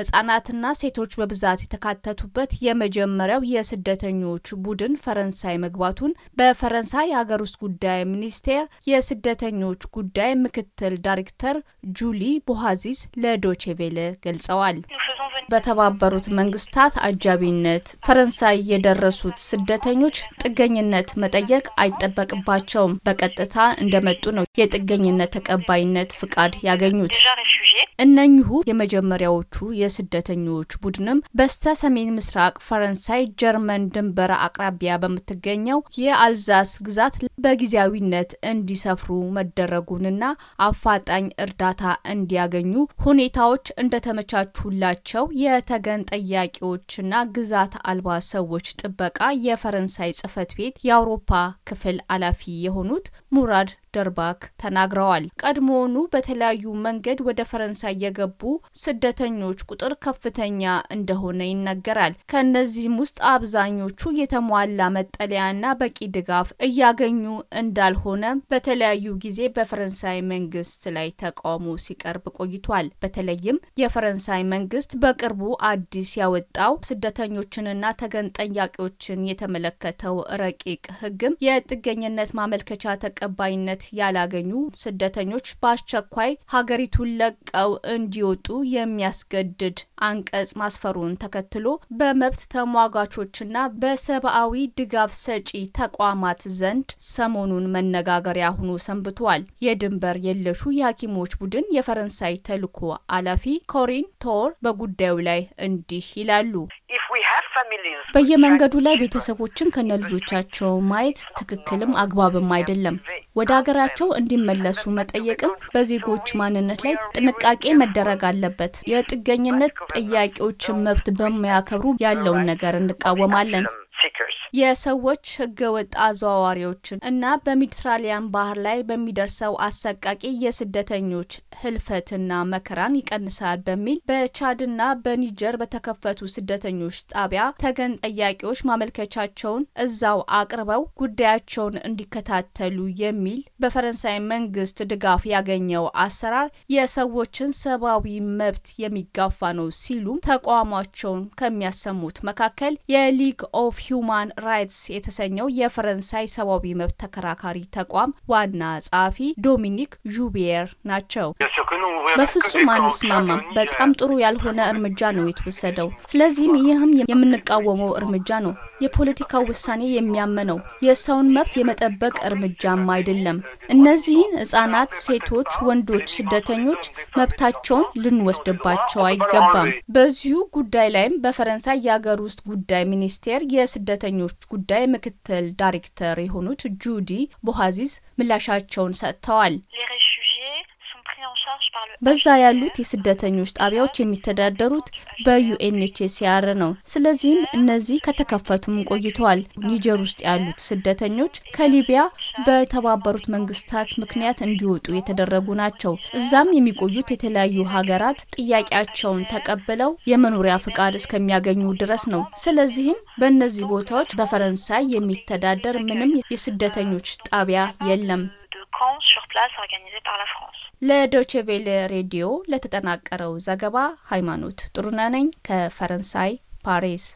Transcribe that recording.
ህጻናትና ሴቶች በብዛት የተካተቱበት የመጀመሪያው የስደተኞች ቡድን ፈረንሳይ መግባቱን በፈረንሳይ የሀገር ውስጥ ጉዳይ ሚኒስቴር የስደተኞች ጉዳይ ምክትል ዳይሬክተር ጁሊ ቦሃዚስ ለዶቼቬለ ገልጸዋል። በተባበሩት መንግስታት አጃቢነት ፈረንሳይ የደረሱት ስደተኞች ጥገኝነት መጠየቅ አይጠበቅባቸውም። በቀጥታ እንደመጡ ነው የጥገኝነት ተቀባይነት ፍቃድ ያገኙት። እነኚሁ የመጀመሪያዎቹ የስደተኞች ቡድንም በስተ ሰሜን ምስራቅ ፈረንሳይ ጀርመን ድንበር አቅራቢያ በምትገኘው የአልዛስ ግዛት በጊዜያዊነት እንዲሰፍሩ መደረጉንና አፋጣኝ እርዳታ እንዲያገኙ ሁኔታዎች እንደተመቻቹላቸው የተገን ጠያቂዎችና ግዛት አልባ ሰዎች ጥበቃ የፈረንሳይ ጽህፈት ቤት የአውሮፓ ክፍል ኃላፊ የሆኑት ሙራድ ደርባክ ተናግረዋል። ቀድሞውኑ በተለያዩ መንገድ ወደ ፈረንሳይ የገቡ ስደተኞች ቁጥር ከፍተኛ እንደሆነ ይነገራል። ከእነዚህም ውስጥ አብዛኞቹ የተሟላ መጠለያና በቂ ድጋፍ እያገኙ እንዳልሆነ በተለያዩ ጊዜ በፈረንሳይ መንግስት ላይ ተቃውሞ ሲቀርብ ቆይቷል። በተለይም የፈረንሳይ መንግስት በቅርቡ አዲስ ያወጣው ስደተኞችንና ተገን ጠያቂዎችን የተመለከተው ረቂቅ ህግም የጥገኝነት ማመልከቻ ተቀባይነት መሬት ያላገኙ ስደተኞች በአስቸኳይ ሀገሪቱን ለቀው እንዲወጡ የሚያስገድድ አንቀጽ ማስፈሩን ተከትሎ በመብት ተሟጋቾችና በሰብአዊ ድጋፍ ሰጪ ተቋማት ዘንድ ሰሞኑን መነጋገሪያ ሆኖ ሰንብቷል። የድንበር የለሹ የሐኪሞች ቡድን የፈረንሳይ ተልኮ ኃላፊ ኮሪን ቶር በጉዳዩ ላይ እንዲህ ይላሉ። በየመንገዱ ላይ ቤተሰቦችን ከነ ልጆቻቸው ማየት ትክክልም አግባብም አይደለም። ወደ ሀገራቸው እንዲመለሱ መጠየቅም በዜጎች ማንነት ላይ ጥንቃቄ መደረግ አለበት። የጥገኝነት ጥያቄዎችን መብት በሚያከብሩ ያለውን ነገር እንቃወማለን። የሰዎች ህገወጥ አዘዋዋሪዎችን እና በሜዲትራሊያን ባህር ላይ በሚደርሰው አሰቃቂ የስደተኞች ህልፈትና መከራን ይቀንሳል በሚል በቻድና በኒጀር በተከፈቱ ስደተኞች ጣቢያ ተገን ጠያቂዎች ማመልከቻቸውን እዛው አቅርበው ጉዳያቸውን እንዲከታተሉ የሚል በፈረንሳይ መንግስት ድጋፍ ያገኘው አሰራር የሰዎችን ሰብአዊ መብት የሚጋፋ ነው ሲሉም ተቋማቸውን ከሚያሰሙት መካከል የሊግ ኦፍ ሂውማን ራይትስ የተሰኘው የፈረንሳይ ሰብአዊ መብት ተከራካሪ ተቋም ዋና ጸሐፊ ዶሚኒክ ዡቢየር ናቸው። በፍጹም አንስማማም። በጣም ጥሩ ያልሆነ እርምጃ ነው የተወሰደው። ስለዚህም ይህም የምንቃወመው እርምጃ ነው። የፖለቲካው ውሳኔ የሚያመነው የሰውን መብት የመጠበቅ እርምጃም አይደለም። እነዚህን ህጻናት፣ ሴቶች፣ ወንዶች ስደተኞች መብታቸውን ልንወስድባቸው አይገባም። በዚሁ ጉዳይ ላይም በፈረንሳይ የአገር ውስጥ ጉዳይ ሚኒስቴር የስደተኞች ሴቶች ጉዳይ ምክትል ዳይሬክተር የሆኑት ጁዲ ቦሃዚዝ ምላሻቸውን ሰጥተዋል። በዛ ያሉት የስደተኞች ጣቢያዎች የሚተዳደሩት በዩኤንኤችሲአር ነው። ስለዚህም እነዚህ ከተከፈቱም ቆይተዋል። ኒጀር ውስጥ ያሉት ስደተኞች ከሊቢያ በተባበሩት መንግስታት ምክንያት እንዲወጡ የተደረጉ ናቸው። እዛም የሚቆዩት የተለያዩ ሀገራት ጥያቄያቸውን ተቀብለው የመኖሪያ ፍቃድ እስከሚያገኙ ድረስ ነው። ስለዚህም በእነዚህ ቦታዎች በፈረንሳይ የሚተዳደር ምንም የስደተኞች ጣቢያ የለም። ለዶችቬል ሬዲዮ ለተጠናቀረው ዘገባ ሃይማኖት ጥሩነህ ነኝ ከፈረንሳይ ፓሪስ